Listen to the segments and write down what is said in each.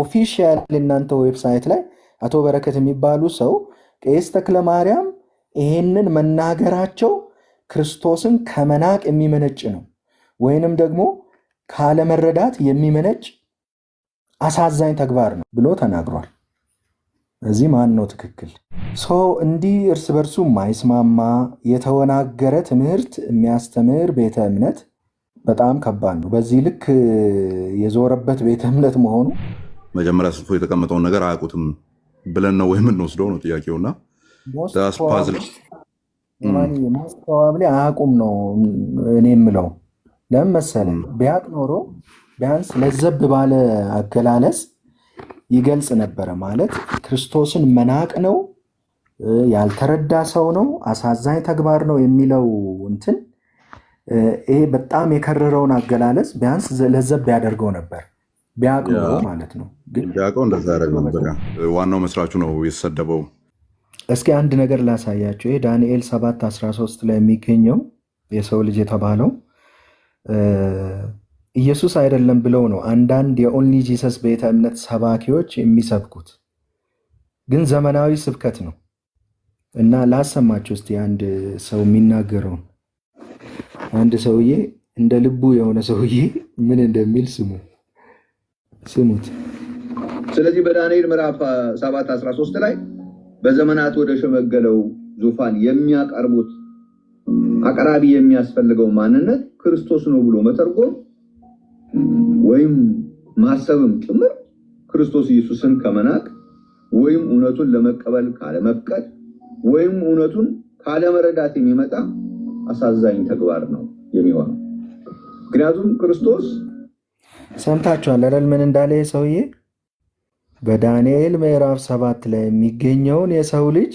ኦፊሻል እናንተ ዌብሳይት ላይ አቶ በረከት የሚባሉ ሰው ቄስ ተክለ ማርያም ይሄንን መናገራቸው ክርስቶስን ከመናቅ የሚመነጭ ነው ወይንም ደግሞ ካለመረዳት የሚመነጭ አሳዛኝ ተግባር ነው ብሎ ተናግሯል። እዚህ ማን ነው ትክክል? ሰው እንዲህ እርስ በርሱ የማይስማማ የተወናገረ ትምህርት የሚያስተምር ቤተ እምነት በጣም ከባድ ነው። በዚህ ልክ የዞረበት ቤተ እምነት መሆኑ መጀመሪያ ስልፎ የተቀመጠውን ነገር አያውቁትም ብለን ነው ወይም የምንወስደው ነው ጥያቄውና hmm. ማስተባብሌ አያውቁም ነው እኔ የምለው። ለምን መሰለህ? Hmm. ቢያቅ ኖሮ ቢያንስ ለዘብ ባለ አገላለጽ ይገልጽ ነበረ። ማለት ክርስቶስን መናቅ ነው፣ ያልተረዳ ሰው ነው፣ አሳዛኝ ተግባር ነው የሚለው እንትን ይሄ በጣም የከረረውን አገላለጽ ቢያንስ ለዘብ ያደርገው ነበር። ቢያቅ ማለት ነው። እንደዛ ያደረግ ነበረ። ዋናው መስራቹ ነው የተሰደበው። እስኪ አንድ ነገር ላሳያቸው። ይሄ ዳንኤል 7 13 ላይ የሚገኘው የሰው ልጅ የተባለው ኢየሱስ አይደለም ብለው ነው አንዳንድ የኦንሊ ጂሰስ ቤተ እምነት ሰባኪዎች የሚሰብኩት፣ ግን ዘመናዊ ስብከት ነው እና ላሰማችሁ እስቲ አንድ ሰው የሚናገረውን አንድ ሰውዬ እንደ ልቡ የሆነ ሰውዬ ምን እንደሚል ስሙ። ስሙት። ስለዚህ በዳንኤል ምዕራፍ 7 13 ላይ በዘመናት ወደ ሸመገለው ዙፋን የሚያቀርቡት አቅራቢ የሚያስፈልገው ማንነት ክርስቶስ ነው ብሎ መተርጎም ወይም ማሰብም ጭምር ክርስቶስ ኢየሱስን ከመናቅ ወይም እውነቱን ለመቀበል ካለመፍቀድ ወይም እውነቱን ካለመረዳት የሚመጣ አሳዛኝ ተግባር ነው የሚሆነው። ምክንያቱም ክርስቶስ ሰምታችኋል አይደል? ምን እንዳለ ሰውዬ በዳንኤል ምዕራፍ ሰባት ላይ የሚገኘውን የሰው ልጅ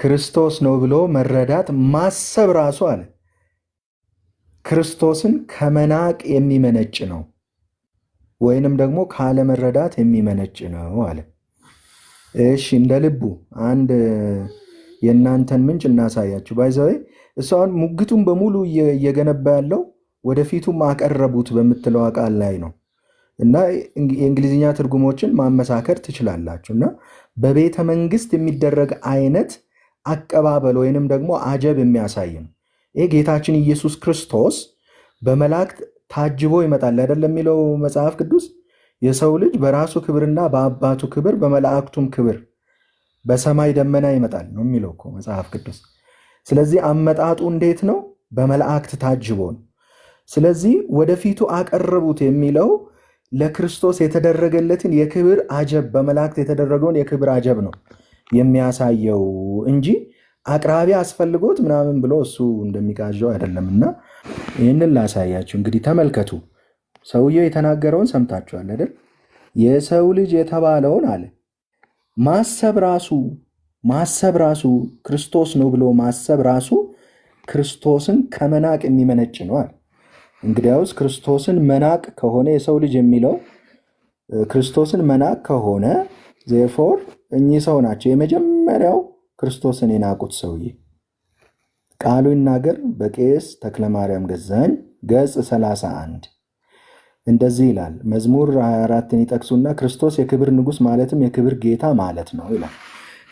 ክርስቶስ ነው ብሎ መረዳት ማሰብ ራሱ አለ ክርስቶስን ከመናቅ የሚመነጭ ነው፣ ወይንም ደግሞ ካለመረዳት የሚመነጭ ነው አለ። እሺ እንደ ልቡ አንድ የእናንተን ምንጭ እናሳያችሁ። ባይዘወይ እሷን ሙግቱን በሙሉ እየገነባ ያለው ወደፊቱም አቀረቡት በምትለው ቃል ላይ ነው እና የእንግሊዝኛ ትርጉሞችን ማመሳከር ትችላላችሁ እና በቤተ መንግስት የሚደረግ አይነት አቀባበል ወይንም ደግሞ አጀብ የሚያሳይ ነው። ይህ ጌታችን ኢየሱስ ክርስቶስ በመላእክት ታጅቦ ይመጣል አይደለም የሚለው መጽሐፍ ቅዱስ የሰው ልጅ በራሱ ክብርና በአባቱ ክብር በመላእክቱም ክብር በሰማይ ደመና ይመጣል ነው የሚለው መጽሐፍ ቅዱስ። ስለዚህ አመጣጡ እንዴት ነው? በመላእክት ታጅቦ ነው። ስለዚህ ወደፊቱ አቀረቡት የሚለው ለክርስቶስ የተደረገለትን የክብር አጀብ በመላእክት የተደረገውን የክብር አጀብ ነው የሚያሳየው እንጂ አቅራቢ አስፈልጎት ምናምን ብሎ እሱ እንደሚቃዣው አይደለም። እና ይህንን ላሳያችሁ እንግዲህ ተመልከቱ። ሰውየው የተናገረውን ሰምታችኋል አይደል? የሰው ልጅ የተባለውን አለ ማሰብ ራሱ ማሰብ ራሱ ክርስቶስ ነው ብሎ ማሰብ ራሱ ክርስቶስን ከመናቅ የሚመነጭ ነው አለ። እንግዲያውስ ክርስቶስን መናቅ ከሆነ የሰው ልጅ የሚለው ክርስቶስን መናቅ ከሆነ ዜፎር እኚህ ሰው ናቸው የመጀመሪያው ክርስቶስን የናቁት ሰውዬ። ቃሉ ይናገር በቄስ ተክለ ማርያም ገዛኝ ገጽ 31 እንደዚህ ይላል። መዝሙር 24ን ይጠቅሱና ክርስቶስ የክብር ንጉሥ ማለትም የክብር ጌታ ማለት ነው ይላል።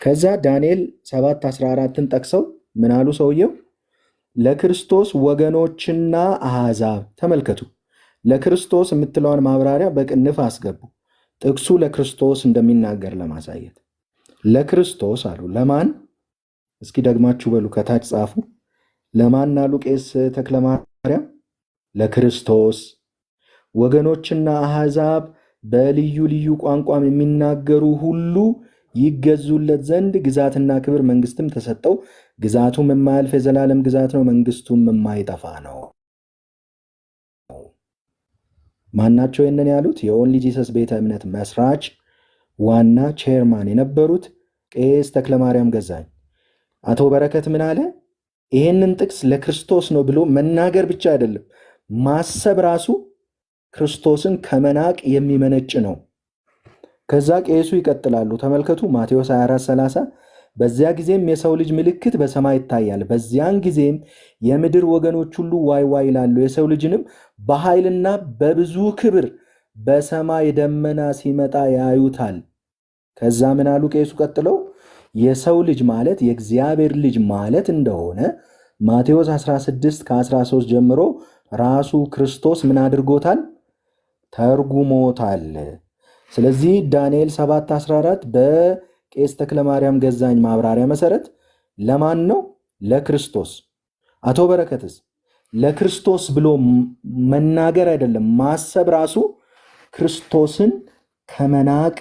ከዛ ዳንኤል 7 14ን ጠቅሰው ምን አሉ ሰውየው ለክርስቶስ ወገኖችና አሕዛብ ተመልከቱ። ለክርስቶስ የምትለውን ማብራሪያ በቅንፍ አስገቡ። ጥቅሱ ለክርስቶስ እንደሚናገር ለማሳየት ለክርስቶስ አሉ። ለማን? እስኪ ደግማችሁ በሉ። ከታች ጻፉ። ለማን አሉ ቄስ ተክለ ማርያም? ለክርስቶስ ወገኖችና አሕዛብ በልዩ ልዩ ቋንቋም የሚናገሩ ሁሉ ይገዙለት ዘንድ ግዛትና ክብር መንግስትም ተሰጠው፣ ግዛቱም የማያልፍ የዘላለም ግዛት ነው፣ መንግስቱም የማይጠፋ ነው። ማናቸው ይንን ያሉት? የኦንሊ ጂሰስ ቤተ እምነት መስራች ዋና ቼርማን የነበሩት ቄስ ተክለማርያም ገዛኝ። አቶ በረከት ምን አለ? ይህንን ጥቅስ ለክርስቶስ ነው ብሎ መናገር ብቻ አይደለም፣ ማሰብ ራሱ ክርስቶስን ከመናቅ የሚመነጭ ነው። ከዛ ቄሱ ይቀጥላሉ። ተመልከቱ ማቴዎስ 24 30 በዚያ ጊዜም የሰው ልጅ ምልክት በሰማይ ይታያል። በዚያን ጊዜም የምድር ወገኖች ሁሉ ዋይ ዋይ ይላሉ። የሰው ልጅንም በኃይልና በብዙ ክብር በሰማይ ደመና ሲመጣ ያዩታል። ከዛ ምን አሉ ቄሱ ቀጥለው የሰው ልጅ ማለት የእግዚአብሔር ልጅ ማለት እንደሆነ ማቴዎስ 16 ከ13 ጀምሮ ራሱ ክርስቶስ ምን አድርጎታል? ተርጉሞታል። ስለዚህ ዳንኤል 7 14 በ ቄስ ተክለ ማርያም ገዛኝ ማብራሪያ መሰረት ለማን ነው? ለክርስቶስ። አቶ በረከትስ ለክርስቶስ ብሎ መናገር አይደለም ማሰብ ራሱ ክርስቶስን ከመናቅ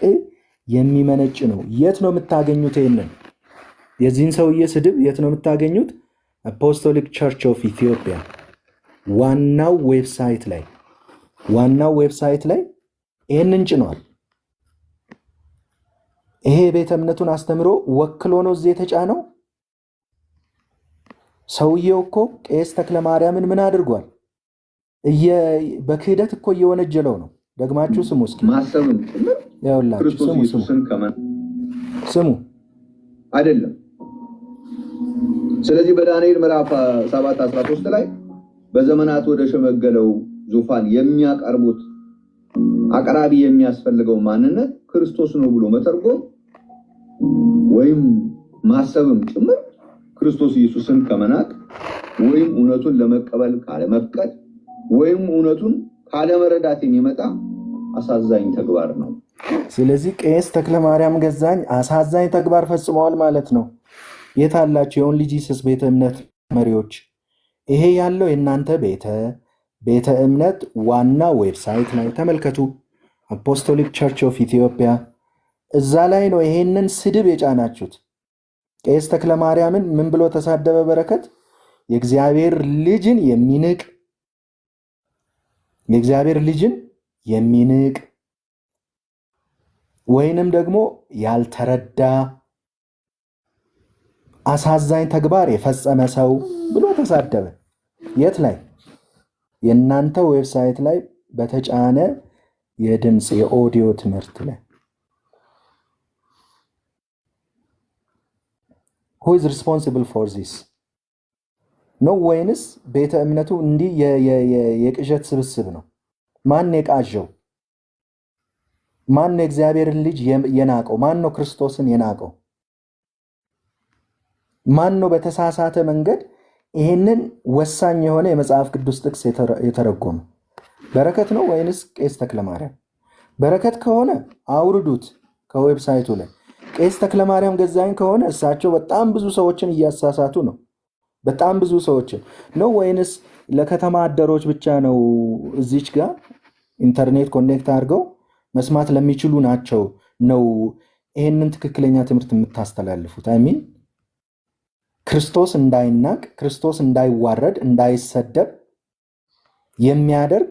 የሚመነጭ ነው። የት ነው የምታገኙት? ይህንን የዚህን ሰውዬ ስድብ የት ነው የምታገኙት? አፖስቶሊክ ቸርች ኦፍ ኢትዮጵያ ዋናው ዌብሳይት ላይ ዋናው ዌብሳይት ላይ ይህንን ጭኗል። ይሄ ቤተ እምነቱን አስተምሮ ወክሎ ነው እዚህ የተጫነው። ሰውየው እኮ ቄስ ተክለ ማርያምን ምን አድርጓል? በክህደት እኮ እየወነጀለው ነው። ደግማችሁ ስሙ እስኪ ስሙ ስሙ አይደለም። ስለዚህ በዳንኤል ምዕራፍ 7 13 ላይ በዘመናት ወደ ሸመገለው ዙፋን የሚያቀርቡት አቅራቢ የሚያስፈልገው ማንነት ክርስቶስ ነው ብሎ መተርጎም ወይም ማሰብም ጭምር ክርስቶስ ኢየሱስን ከመናቅ ወይም እውነቱን ለመቀበል ካለመፍቀድ ወይም እውነቱን ካለመረዳት የሚመጣ አሳዛኝ ተግባር ነው። ስለዚህ ቄስ ተክለ ማርያም ገዛኝ አሳዛኝ ተግባር ፈጽመዋል ማለት ነው። የት አላቸው የኦንሊ ጂሰስ ቤተ እምነት መሪዎች? ይሄ ያለው የእናንተ ቤተ ቤተ እምነት ዋና ዌብሳይት ላይ ተመልከቱ። አፖስቶሊክ ቸርች ኦፍ ኢትዮጵያ እዛ ላይ ነው ይሄንን ስድብ የጫናችሁት። ቄስ ተክለ ማርያምን ምን ብሎ ተሳደበ? በረከት የእግዚአብሔር ልጅን የሚንቅ የእግዚአብሔር ልጅን የሚንቅ ወይንም ደግሞ ያልተረዳ አሳዛኝ ተግባር የፈጸመ ሰው ብሎ ተሳደበ። የት ላይ? የእናንተ ዌብሳይት ላይ በተጫነ የድምፅ የኦዲዮ ትምህርት ላይ who is responsible for this ነው ወይንስ ቤተ እምነቱ እንዲህ የቅዠት ስብስብ ነው? ማን የቃዠው? ማን የእግዚአብሔርን ልጅ የናቀው? ማን ነው ክርስቶስን የናቀው? ማን ነው በተሳሳተ መንገድ ይህንን ወሳኝ የሆነ የመጽሐፍ ቅዱስ ጥቅስ የተረጎመ? በረከት ነው ወይንስ ቄስ ተክለማርያም? በረከት ከሆነ አውርዱት ከዌብሳይቱ ላይ። ቄስ ማርያም ገዛኝ ከሆነ እሳቸው በጣም ብዙ ሰዎችን እያሳሳቱ ነው። በጣም ብዙ ሰዎችን ነው ወይንስ ለከተማ አደሮች ብቻ ነው? እዚች ጋር ኢንተርኔት ኮኔክት አድርገው መስማት ለሚችሉ ናቸው ነው ይህንን ትክክለኛ ትምህርት የምታስተላልፉት? አሚን ክርስቶስ እንዳይናቅ፣ ክርስቶስ እንዳይዋረድ፣ እንዳይሰደብ የሚያደርግ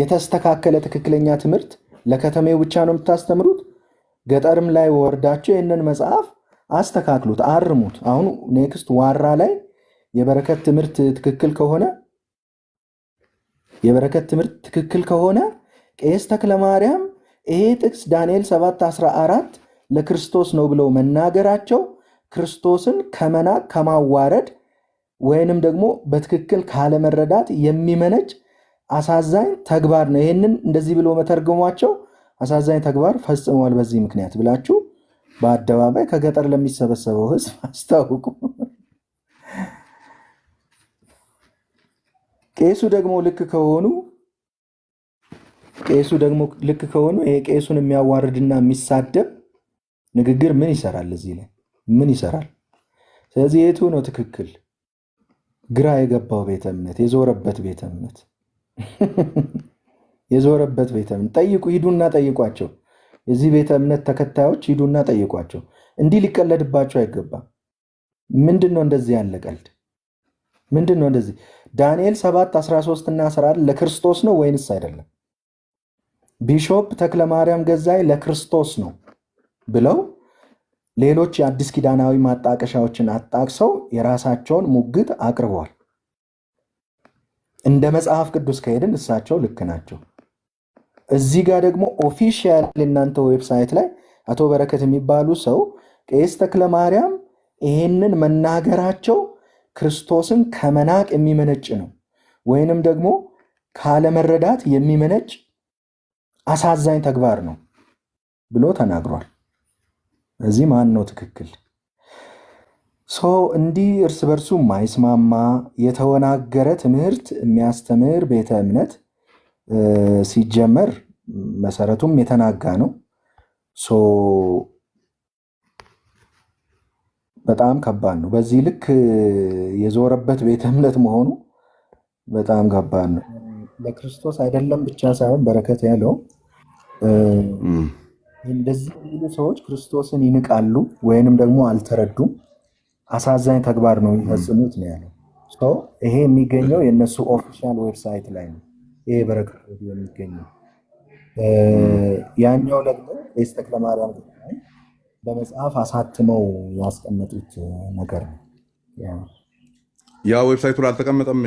የተስተካከለ ትክክለኛ ትምህርት ለከተሜው ብቻ ነው የምታስተምሩት? ገጠርም ላይ ወርዳችሁ ይህንን መጽሐፍ አስተካክሉት፣ አርሙት። አሁን ኔክስት ዋራ ላይ የበረከት ትምህርት ትክክል ከሆነ የበረከት ትምህርት ትክክል ከሆነ ቄስ ተክለ ማርያም ይሄ ጥቅስ ዳንኤል 7:14 ለክርስቶስ ነው ብለው መናገራቸው ክርስቶስን ከመና ከማዋረድ ወይንም ደግሞ በትክክል ካለመረዳት የሚመነጭ አሳዛኝ ተግባር ነው። ይህንን እንደዚህ ብሎ መተርጎሟቸው አሳዛኝ ተግባር ፈጽመዋል። በዚህ ምክንያት ብላችሁ በአደባባይ ከገጠር ለሚሰበሰበው ህዝብ አስታውቁ። ቄሱ ደግሞ ልክ ከሆኑ ቄሱ ደግሞ ልክ ከሆኑ ይሄ ቄሱን የሚያዋርድና የሚሳደብ ንግግር ምን ይሰራል? እዚህ ላይ ምን ይሰራል? ስለዚህ የቱ ነው ትክክል? ግራ የገባው ቤተ እምነት የዞረበት ቤተ እምነት የዞረበት ቤተ እምነት ጠይቁ፣ ሂዱና ጠይቋቸው። የዚህ ቤተ እምነት ተከታዮች ሂዱና ጠይቋቸው። እንዲህ ሊቀለድባቸው አይገባም። ምንድን ነው እንደዚህ ያለ ቀልድ? ምንድን ነው እንደዚህ? ዳንኤል 7 13 እና 14 ለክርስቶስ ነው ወይንስ አይደለም? ቢሾፕ ተክለ ማርያም ገዛይ ለክርስቶስ ነው ብለው ሌሎች የአዲስ ኪዳናዊ ማጣቀሻዎችን አጣቅሰው የራሳቸውን ሙግት አቅርበዋል። እንደ መጽሐፍ ቅዱስ ከሄድን እሳቸው ልክ ናቸው። እዚህ ጋር ደግሞ ኦፊሻል እናንተ ዌብሳይት ላይ አቶ በረከት የሚባሉ ሰው ቄስ ተክለ ማርያም ይሄንን መናገራቸው ክርስቶስን ከመናቅ የሚመነጭ ነው ወይንም ደግሞ ካለመረዳት የሚመነጭ አሳዛኝ ተግባር ነው ብሎ ተናግሯል። እዚህ ማን ነው ትክክል? ሰው እንዲህ እርስ በርሱ የማይስማማ የተወናገረ ትምህርት የሚያስተምር ቤተ እምነት ሲጀመር መሰረቱም የተናጋ ነው። በጣም ከባድ ነው። በዚህ ልክ የዞረበት ቤተ እምነት መሆኑ በጣም ከባድ ነው። ለክርስቶስ አይደለም ብቻ ሳይሆን በረከት ያለው እንደዚህ የሚሉ ሰዎች ክርስቶስን ይንቃሉ ወይንም ደግሞ አልተረዱም። አሳዛኝ ተግባር ነው የሚፈጽሙት ነው ያለው። ይሄ የሚገኘው የእነሱ ኦፊሻል ዌብሳይት ላይ ነው። ይሄ በረከት የሚገኘው ያኛው ደግሞ ቄስ ተክለ ማርያም በመጽሐፍ አሳትመው ያስቀመጡት ነገር ነው። ያ ዌብሳይቱ ላይ አልተቀመጠም።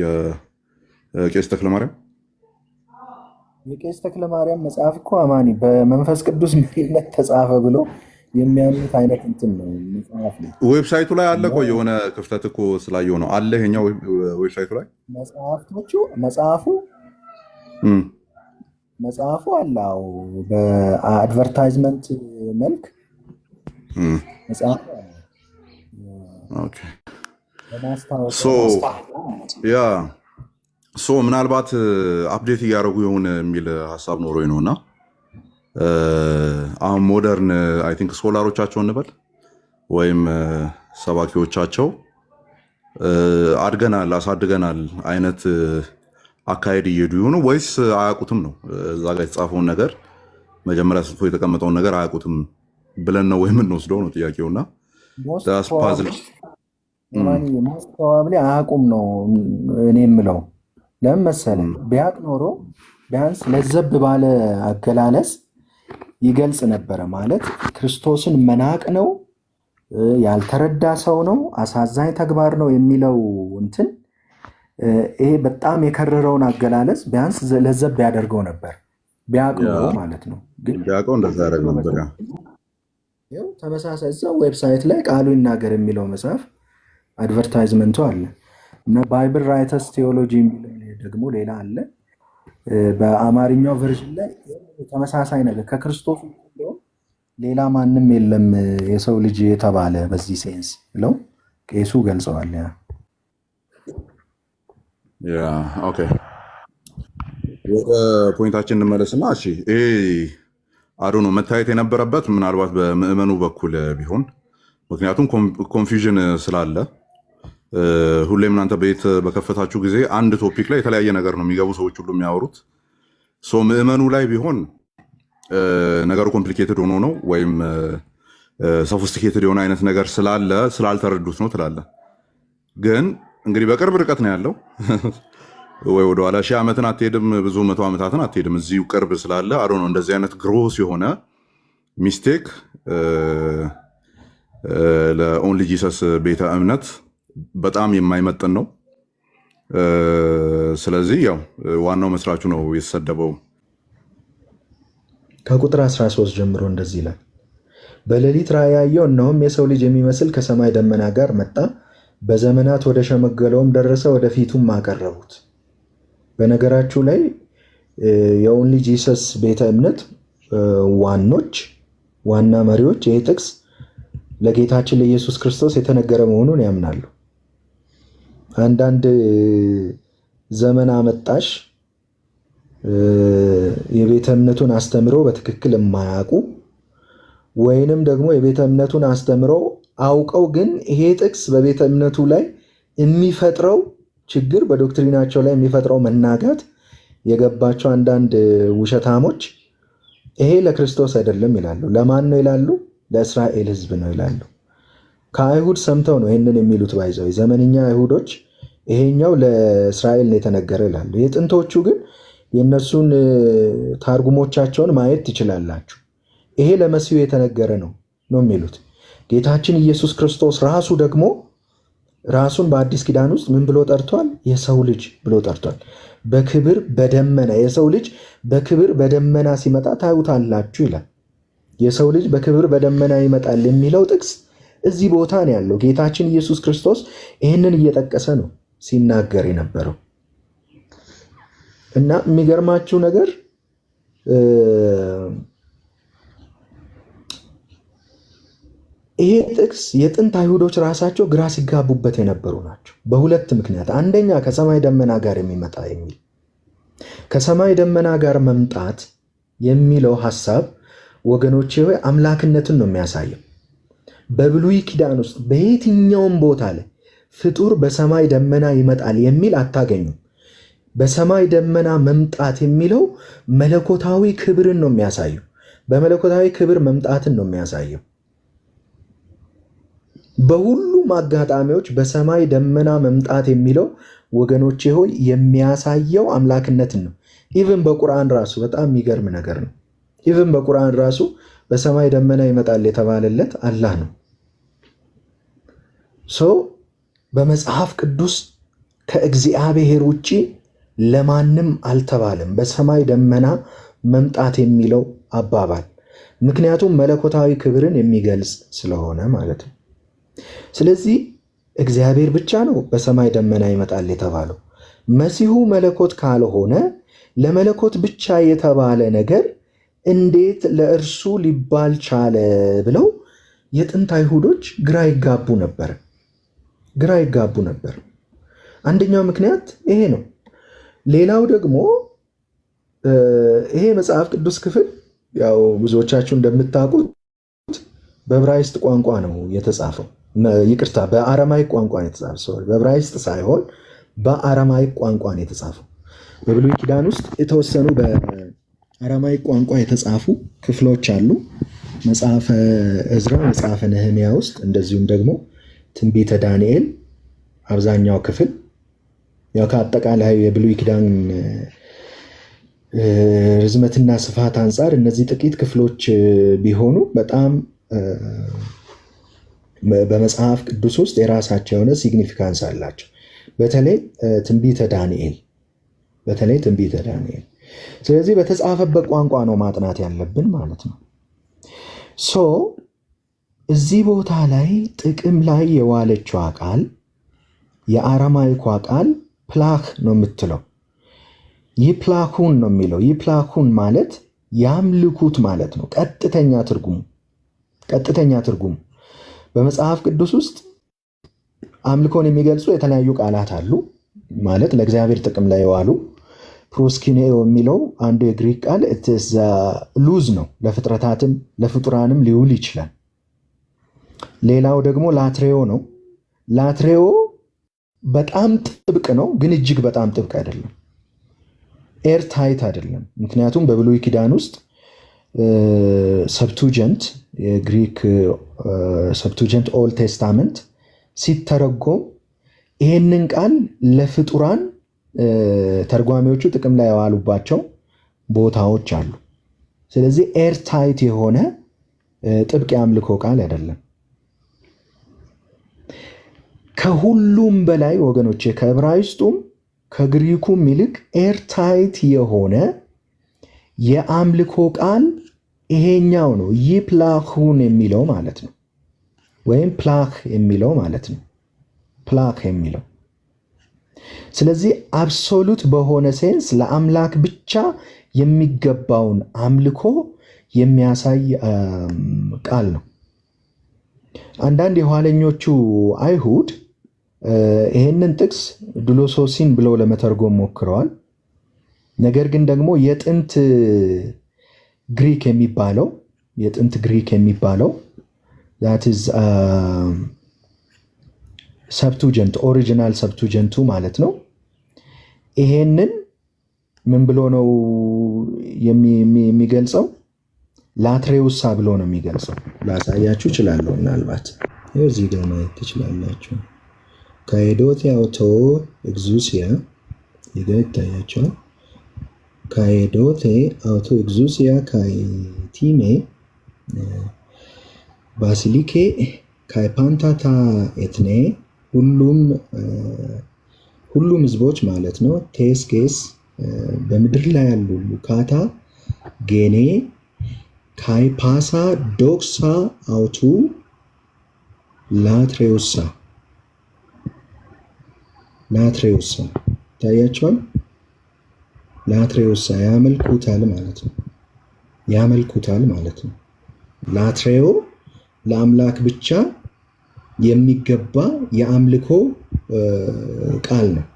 የቄስ ተክለ ማርያም የቄስ ተክለ ማርያም መጽሐፍ እኮ አማኒ በመንፈስ ቅዱስ ምሪነት ተጻፈ ብሎ የሚያምኑት አይነት እንትን ነው። መጽሐፍ ዌብሳይቱ ላይ አለ። ቆይ የሆነ ክፍተት እኮ ስላየው ነው አለ። ይኸኛው ዌብሳይቱ ላይ መጽሐፍቶቹ መጽሐፉ መጽሐፉ አላው በአድቨርታይዝመንት መልክ መጽሐፉ ያ ሶ ምናልባት አፕዴት እያደረጉ የሆን የሚል ሀሳብ ኖሮ ነው እና አሁን ሞደርን አይ ቲንክ ስኮላሮቻቸው እንበል ወይም ሰባኪዎቻቸው አድገናል አሳድገናል አይነት አካሄድ እየሄዱ ይሆኑ ወይስ አያውቁትም ነው? እዛ ጋ የተጻፈውን ነገር መጀመሪያ ስልፎ የተቀመጠውን ነገር አያውቁትም ብለን ነው ወይም እንወስደው ነው ጥያቄውና hmm. ፕሮባብሊ አያውቁም ነው እኔ የምለው። ለምን መሰለ hmm. ቢያውቅ ኖሮ ቢያንስ ለዘብ ባለ አገላለጽ ይገልጽ ነበረ። ማለት ክርስቶስን መናቅ ነው፣ ያልተረዳ ሰው ነው፣ አሳዛኝ ተግባር ነው የሚለው እንትን ይሄ በጣም የከረረውን አገላለጽ ቢያንስ ለዘብ ቢያደርገው ነበር ቢያውቀው ማለት ነው። እንደዛ ነበር። ተመሳሳይ እዛው ዌብሳይት ላይ ቃሉ ይናገር የሚለው መጽሐፍ አድቨርታይዝመንቱ አለ እና ባይብል ራይተርስ ቴዎሎጂ ደግሞ ሌላ አለ። በአማርኛው ቨርዥን ላይ ተመሳሳይ ነገር ከክርስቶስ ሌላ ማንም የለም የሰው ልጅ የተባለ በዚህ ሴንስ ብለው ቄሱ ገልጸዋል። ወደ ፖይንታችን እንመለስና እሺ፣ አዶ ነው መታየት የነበረበት ምናልባት በምዕመኑ በኩል ቢሆን ምክንያቱም ኮንፊውዥን ስላለ ሁሌም እናንተ ቤት በከፈታችሁ ጊዜ አንድ ቶፒክ ላይ የተለያየ ነገር ነው የሚገቡ ሰዎች ሁሉ የሚያወሩት። ሶ ምዕመኑ ላይ ቢሆን ነገሩ ኮምፕሊኬትድ ሆኖ ነው ወይም ሶፊስቲኬትድ የሆነ አይነት ነገር ስላለ ስላልተረዱት ነው ትላለ። ግን እንግዲህ በቅርብ ርቀት ነው ያለው ወይ ወደኋላ ሺህ ዓመትን አትሄድም፣ ብዙ መቶ ዓመታትን አትሄድም። እዚሁ ቅርብ ስላለ አዶ ነው እንደዚህ አይነት ግሮስ የሆነ ሚስቴክ ለኦንሊ ጂሰስ ቤተ እምነት በጣም የማይመጥን ነው። ስለዚህ ያው ዋናው መስራቹ ነው የተሰደበው። ከቁጥር 13 ጀምሮ እንደዚህ ይላል። በሌሊት ራእይ ያየው፣ እነሆም የሰው ልጅ የሚመስል ከሰማይ ደመና ጋር መጣ፣ በዘመናት ወደ ሸመገለውም ደረሰ፣ ወደፊቱም አቀረቡት። በነገራችሁ ላይ የኦንሊ ጂሰስ ቤተ እምነት ዋኖች ዋና መሪዎች ይህ ጥቅስ ለጌታችን ለኢየሱስ ክርስቶስ የተነገረ መሆኑን ያምናሉ። አንዳንድ ዘመን አመጣሽ የቤተ እምነቱን አስተምሮ በትክክል የማያውቁ ወይንም ደግሞ የቤተ እምነቱን አስተምሮ አውቀው ግን ይሄ ጥቅስ በቤተ እምነቱ ላይ የሚፈጥረው ችግር በዶክትሪናቸው ላይ የሚፈጥረው መናጋት የገባቸው አንዳንድ ውሸታሞች ይሄ ለክርስቶስ አይደለም ይላሉ። ለማን ነው ይላሉ? ለእስራኤል ሕዝብ ነው ይላሉ። ከአይሁድ ሰምተው ነው ይህንን የሚሉት። ባይዘው ዘመንኛ አይሁዶች ይሄኛው ለእስራኤል ነው የተነገረ ይላሉ። የጥንቶቹ ግን የእነሱን ታርጉሞቻቸውን ማየት ትችላላችሁ። ይሄ ለመሲሁ የተነገረ ነው ነው የሚሉት። ጌታችን ኢየሱስ ክርስቶስ ራሱ ደግሞ ራሱን በአዲስ ኪዳን ውስጥ ምን ብሎ ጠርቷል? የሰው ልጅ ብሎ ጠርቷል። በክብር በደመና የሰው ልጅ በክብር በደመና ሲመጣ ታዩታላችሁ ይላል። የሰው ልጅ በክብር በደመና ይመጣል የሚለው ጥቅስ እዚህ ቦታ ነው ያለው። ጌታችን ኢየሱስ ክርስቶስ ይህንን እየጠቀሰ ነው ሲናገር የነበረው እና የሚገርማችሁ ነገር ይሄ ጥቅስ የጥንት አይሁዶች ራሳቸው ግራ ሲጋቡበት የነበሩ ናቸው። በሁለት ምክንያት፣ አንደኛ ከሰማይ ደመና ጋር የሚመጣ የሚል ከሰማይ ደመና ጋር መምጣት የሚለው ሀሳብ ወገኖች ሆይ አምላክነትን ነው የሚያሳየው። በብሉይ ኪዳን ውስጥ በየትኛውም ቦታ ላይ ፍጡር በሰማይ ደመና ይመጣል የሚል አታገኙም። በሰማይ ደመና መምጣት የሚለው መለኮታዊ ክብርን ነው የሚያሳየው። በመለኮታዊ ክብር መምጣትን ነው የሚያሳየው። በሁሉም አጋጣሚዎች በሰማይ ደመና መምጣት የሚለው ወገኖቼ ሆይ የሚያሳየው አምላክነትን ነው። ኢቭን በቁርአን ራሱ በጣም የሚገርም ነገር ነው። ኢቭን በቁርአን ራሱ በሰማይ ደመና ይመጣል የተባለለት አላህ ነው። ሰው በመጽሐፍ ቅዱስ ከእግዚአብሔር ውጭ ለማንም አልተባለም። በሰማይ ደመና መምጣት የሚለው አባባል ምክንያቱም መለኮታዊ ክብርን የሚገልጽ ስለሆነ ማለት ነው። ስለዚህ እግዚአብሔር ብቻ ነው በሰማይ ደመና ይመጣል የተባለው። መሲሁ መለኮት ካልሆነ ለመለኮት ብቻ የተባለ ነገር እንዴት ለእርሱ ሊባል ቻለ ብለው የጥንት አይሁዶች ግራ ይጋቡ ነበር። ግራ ይጋቡ ነበር። አንደኛው ምክንያት ይሄ ነው። ሌላው ደግሞ ይሄ መጽሐፍ ቅዱስ ክፍል ያው ብዙዎቻችሁ እንደምታውቁት በዕብራይስጥ ቋንቋ ነው የተጻፈው። ይቅርታ፣ በአረማይክ ቋንቋ ነው የተጻፈው። በዕብራይስጥ ሳይሆን በአረማይክ ቋንቋ ነው የተጻፈው። በብሉይ ኪዳን ውስጥ የተወሰኑ በአረማይክ ቋንቋ የተጻፉ ክፍሎች አሉ። መጽሐፈ እዝራ፣ መጽሐፈ ነህሚያ ውስጥ እንደዚሁም ደግሞ ትንቢተ ዳንኤል አብዛኛው ክፍል ያው ከአጠቃላይ የብሉይ ኪዳን ርዝመትና ስፋት አንጻር እነዚህ ጥቂት ክፍሎች ቢሆኑ በጣም በመጽሐፍ ቅዱስ ውስጥ የራሳቸው የሆነ ሲግኒፊካንስ አላቸው። በተለይ ትንቢተ ዳንኤል በተለይ ትንቢተ ዳንኤል። ስለዚህ በተጻፈበት ቋንቋ ነው ማጥናት ያለብን ማለት ነው ሶ እዚህ ቦታ ላይ ጥቅም ላይ የዋለችዋ ቃል የአረማይኳ ቃል ፕላክ ነው የምትለው። ይፕላኩን ነው የሚለው። ይፕላኩን ማለት ያምልኩት ማለት ነው። ቀጥተኛ ትርጉሙ ቀጥተኛ ትርጉሙ በመጽሐፍ ቅዱስ ውስጥ አምልኮን የሚገልጹ የተለያዩ ቃላት አሉ። ማለት ለእግዚአብሔር ጥቅም ላይ የዋሉ ፕሮስኪኔዮ የሚለው አንዱ የግሪክ ቃል ሉዝ ነው። ለፍጥረታትም ለፍጡራንም ሊውል ይችላል። ሌላው ደግሞ ላትሬዮ ነው። ላትሬዮ በጣም ጥብቅ ነው፣ ግን እጅግ በጣም ጥብቅ አይደለም። ኤርታይት አይደለም። ምክንያቱም በብሉይ ኪዳን ውስጥ ሰብቱጀንት የግሪክ ሰብቱጀንት ኦል ቴስታመንት ሲተረጎም ይህንን ቃል ለፍጡራን ተርጓሚዎቹ ጥቅም ላይ የዋሉባቸው ቦታዎች አሉ። ስለዚህ ኤርታይት የሆነ ጥብቅ የአምልኮ ቃል አይደለም። ከሁሉም በላይ ወገኖች ከዕብራይስጡም ከግሪኩም ይልቅ ኤርታይት የሆነ የአምልኮ ቃል ይሄኛው ነው። ይህ ፕላሁን የሚለው ማለት ነው፣ ወይም ፕላክ የሚለው ማለት ነው። ፕላክ የሚለው ስለዚህ አብሶሉት በሆነ ሴንስ ለአምላክ ብቻ የሚገባውን አምልኮ የሚያሳይ ቃል ነው። አንዳንድ የኋለኞቹ አይሁድ ይህንን ጥቅስ ድሎሶሲን ብለው ለመተርጎም ሞክረዋል። ነገር ግን ደግሞ የጥንት ግሪክ የሚባለው የጥንት ግሪክ የሚባለው ሰብቱጀንት ኦሪጂናል ሰብቱጀንቱ ማለት ነው። ይሄንን ምን ብሎ ነው የሚገልጸው? ላትሬውሳ ብሎ ነው የሚገልጸው። ላሳያችሁ እችላለሁ። ምናልባት እዚህ ጋር ማየት ትችላላችሁ። ከኤዶትያ አውቶ ኤግዙሲያ ይገ ይታያቸዋል። ከኤዶቴ አውቶ ኤግዙሲያ ከቲሜ ባሲሊኬ ከፓንታታ ኤትኔ ሁሉም ሁሉም ህዝቦች ማለት ነው። ቴስኬስ በምድር ላይ ያሉ ሉካታ ጌኔ ካይፓሳ ዶክሳ አውቱ ላትሬውሳ ላትሬውሳ ይታያቸዋል። ላትሬውሳ ያመልኩታል ማለት ነው። ያመልኩታል ማለት ነው። ላትሬው ለአምላክ ብቻ የሚገባ የአምልኮ ቃል ነው።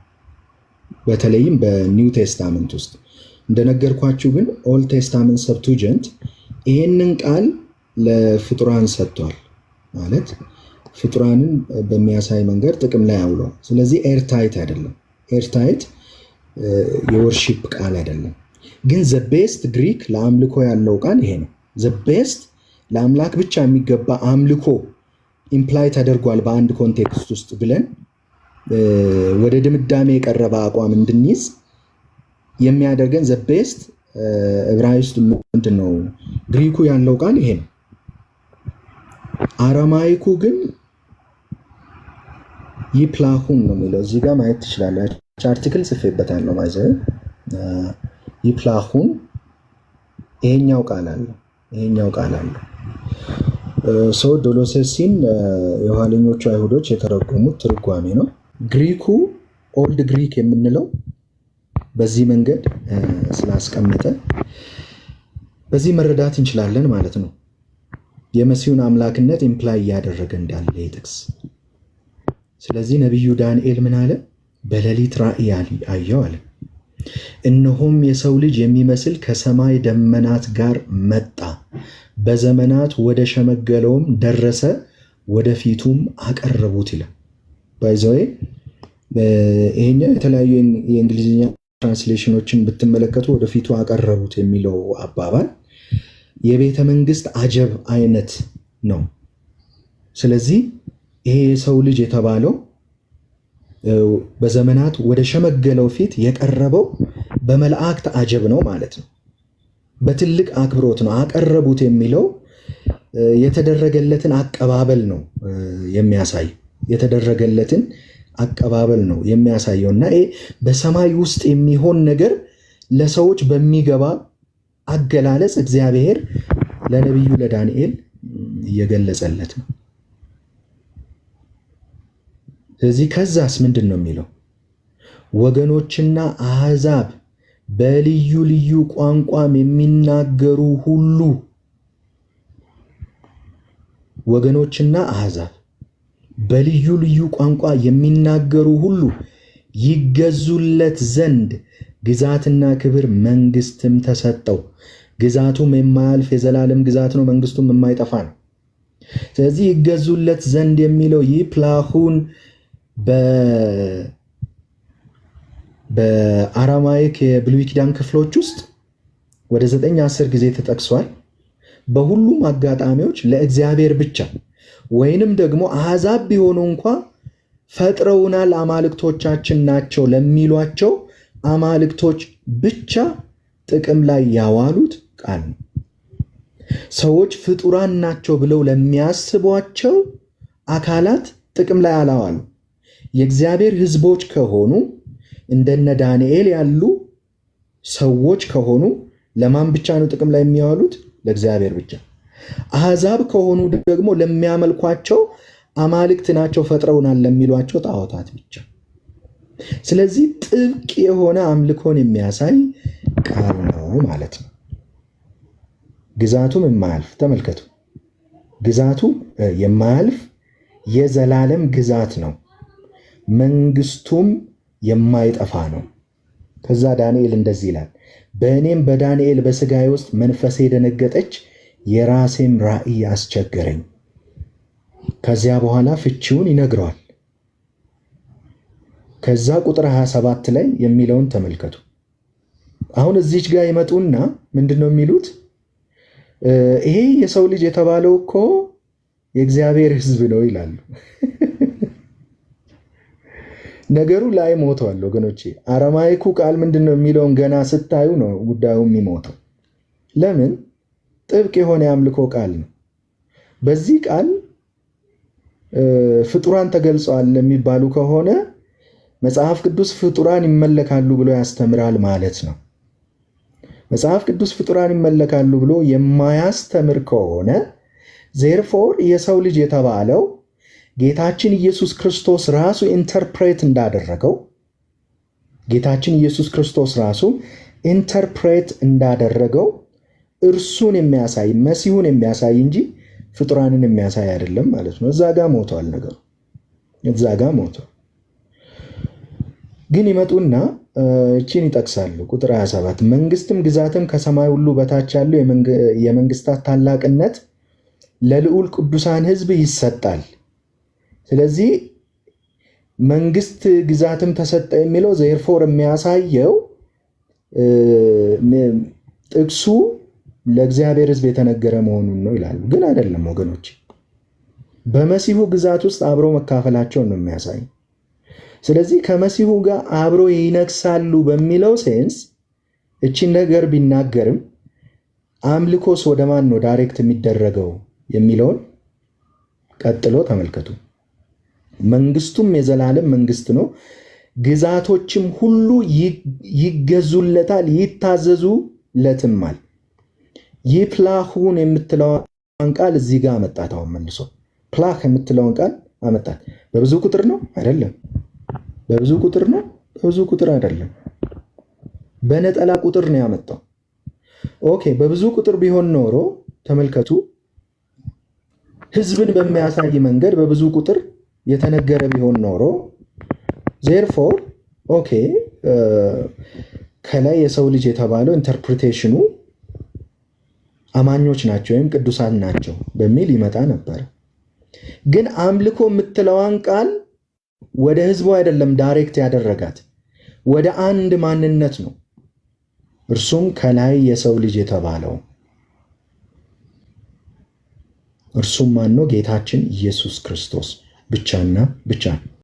በተለይም በኒው ቴስታመንት ውስጥ እንደነገርኳችሁ ግን ኦል ቴስታመንት ሰብቱጀንት ይህንን ቃል ለፍጡራን ሰጥቷል ማለት ፍጡራንን በሚያሳይ መንገድ ጥቅም ላይ አውሏል። ስለዚህ ኤርታይት አይደለም። ኤርታይት የወርሺፕ ቃል አይደለም። ግን ዘቤስት ግሪክ ለአምልኮ ያለው ቃል ይሄ ነው። ዘቤስት ለአምላክ ብቻ የሚገባ አምልኮ ኢምፕላይ ተደርጓል በአንድ ኮንቴክስት ውስጥ ብለን ወደ ድምዳሜ የቀረበ አቋም እንድንይዝ የሚያደርገን ዘቤስት ዕብራይስጥ ምንድን ነው? ግሪኩ ያለው ቃል ይሄ ነው። አረማይኩ ግን ይፕላሁም ነው የሚለው እዚህ ጋር ማየት ትችላለች። አርቲክል ጽፌበታል ነው ማዘ ይፕላሁም ይሄኛው ቃል አለ ይሄኛው ቃል አለ ሰው ዶሎሴሲን የኋለኞቹ አይሁዶች የተረጎሙት ትርጓሜ ነው። ግሪኩ ኦልድ ግሪክ የምንለው በዚህ መንገድ ስላስቀመጠ በዚህ መረዳት እንችላለን ማለት ነው። የመሲሁን አምላክነት ኢምፕላይ እያደረገ እንዳለ ይጥቅስ ስለዚህ ነቢዩ ዳንኤል ምን አለ? በሌሊት ራእይ አየው አለ። እነሆም የሰው ልጅ የሚመስል ከሰማይ ደመናት ጋር መጣ፣ በዘመናት ወደ ሸመገለውም ደረሰ፣ ወደፊቱም አቀረቡት ይላል። ባይዘዌ ይሄኛው የተለያዩ የእንግሊዝኛ ትራንስሌሽኖችን ብትመለከቱ ወደፊቱ አቀረቡት የሚለው አባባል የቤተ መንግስት አጀብ አይነት ነው። ስለዚህ ይሄ የሰው ልጅ የተባለው በዘመናት ወደ ሸመገለው ፊት የቀረበው በመላእክት አጀብ ነው ማለት ነው። በትልቅ አክብሮት ነው አቀረቡት የሚለው የተደረገለትን አቀባበል ነው የሚያሳይ የተደረገለትን አቀባበል ነው የሚያሳየው እና ይሄ በሰማይ ውስጥ የሚሆን ነገር ለሰዎች በሚገባ አገላለጽ እግዚአብሔር ለነቢዩ ለዳንኤል እየገለጸለት ነው። እዚህ ከዛስ ምንድን ነው የሚለው? ወገኖችና አህዛብ በልዩ ልዩ ቋንቋም የሚናገሩ ሁሉ ወገኖችና አህዛብ በልዩ ልዩ ቋንቋ የሚናገሩ ሁሉ ይገዙለት ዘንድ ግዛትና ክብር መንግስትም ተሰጠው። ግዛቱም የማያልፍ የዘላለም ግዛት ነው፣ መንግስቱም የማይጠፋ ነው። ስለዚህ ይገዙለት ዘንድ የሚለው ይህ ፕላሁን በአራማይክ የብሉይ ኪዳን ክፍሎች ውስጥ ወደ ዘጠኝ አስር ጊዜ ተጠቅሷል። በሁሉም አጋጣሚዎች ለእግዚአብሔር ብቻ ወይንም ደግሞ አሕዛብ ቢሆኑ እንኳ ፈጥረውናል አማልክቶቻችን ናቸው ለሚሏቸው አማልክቶች ብቻ ጥቅም ላይ ያዋሉት ቃል ነው። ሰዎች ፍጡራን ናቸው ብለው ለሚያስቧቸው አካላት ጥቅም ላይ አላዋሉ። የእግዚአብሔር ሕዝቦች ከሆኑ እንደነ ዳንኤል ያሉ ሰዎች ከሆኑ ለማን ብቻ ነው ጥቅም ላይ የሚያዋሉት? ለእግዚአብሔር ብቻ። አሕዛብ ከሆኑ ደግሞ ለሚያመልኳቸው አማልክት ናቸው ፈጥረውናል ለሚሏቸው ጣዖታት ብቻ። ስለዚህ ጥብቅ የሆነ አምልኮን የሚያሳይ ቃል ነው ማለት ነው። ግዛቱም የማያልፍ ተመልከቱ፣ ግዛቱ የማያልፍ የዘላለም ግዛት ነው። መንግስቱም የማይጠፋ ነው። ከዛ ዳንኤል እንደዚህ ይላል፣ በእኔም በዳንኤል በስጋዬ ውስጥ መንፈሴ የደነገጠች የራሴም ራእይ አስቸገረኝ። ከዚያ በኋላ ፍቺውን ይነግረዋል። ከዛ ቁጥር 27 ላይ የሚለውን ተመልከቱ። አሁን እዚች ጋር ይመጡና ምንድን ነው የሚሉት? ይሄ የሰው ልጅ የተባለው እኮ የእግዚአብሔር ሕዝብ ነው ይላሉ። ነገሩ ላይ ሞተዋል ወገኖቼ። አረማይኩ ቃል ምንድን ነው የሚለውን ገና ስታዩ ነው ጉዳዩ የሚሞተው። ለምን? ጥብቅ የሆነ የአምልኮ ቃል ነው። በዚህ ቃል ፍጡራን ተገልጸዋል የሚባሉ ከሆነ መጽሐፍ ቅዱስ ፍጡራን ይመለካሉ ብሎ ያስተምራል ማለት ነው። መጽሐፍ ቅዱስ ፍጡራን ይመለካሉ ብሎ የማያስተምር ከሆነ ዜርፎር የሰው ልጅ የተባለው ጌታችን ኢየሱስ ክርስቶስ ራሱ ኢንተርፕሬት እንዳደረገው ጌታችን ኢየሱስ ክርስቶስ ራሱ ኢንተርፕሬት እንዳደረገው እርሱን የሚያሳይ መሲሁን የሚያሳይ እንጂ ፍጡራንን የሚያሳይ አይደለም ማለት ነው። እዛ ጋ ሞቷል ነገሩ፣ እዛ ጋ ሞቷል። ግን ይመጡና እቺን ይጠቅሳሉ። ቁጥር 27 መንግስትም ግዛትም ከሰማይ ሁሉ በታች ያለው የመንግስታት ታላቅነት ለልዑል ቅዱሳን ሕዝብ ይሰጣል ስለዚህ መንግስት ግዛትም ተሰጠ የሚለው ዘርፎር የሚያሳየው ጥቅሱ ለእግዚአብሔር ሕዝብ የተነገረ መሆኑን ነው ይላሉ። ግን አይደለም ወገኖች፣ በመሲሁ ግዛት ውስጥ አብሮ መካፈላቸውን ነው የሚያሳይ። ስለዚህ ከመሲሁ ጋር አብሮ ይነግሳሉ በሚለው ሴንስ እቺን ነገር ቢናገርም አምልኮስ ወደ ማን ነው ዳይሬክት የሚደረገው የሚለውን ቀጥሎ ተመልከቱ። መንግስቱም የዘላለም መንግስት ነው፣ ግዛቶችም ሁሉ ይገዙለታል ይታዘዙለትማል። ይህ ፕላሁን የምትለውን ቃል እዚህ ጋር አመጣት። አሁን መልሶ ፕላህ የምትለውን ቃል አመጣት። በብዙ ቁጥር ነው አይደለም? በብዙ ቁጥር ነው በብዙ ቁጥር አይደለም። በነጠላ ቁጥር ነው ያመጣው። ኦኬ በብዙ ቁጥር ቢሆን ኖሮ ተመልከቱ፣ ህዝብን በሚያሳይ መንገድ በብዙ ቁጥር የተነገረ ቢሆን ኖሮ ዜርፎር ኦኬ ከላይ የሰው ልጅ የተባለው ኢንተርፕሪቴሽኑ አማኞች ናቸው ወይም ቅዱሳን ናቸው በሚል ይመጣ ነበር። ግን አምልኮ የምትለዋን ቃል ወደ ህዝቡ አይደለም ዳይሬክት ያደረጋት ወደ አንድ ማንነት ነው። እርሱም ከላይ የሰው ልጅ የተባለው እርሱም ማን ነው? ጌታችን ኢየሱስ ክርስቶስ ብቻና ብቻ ነው።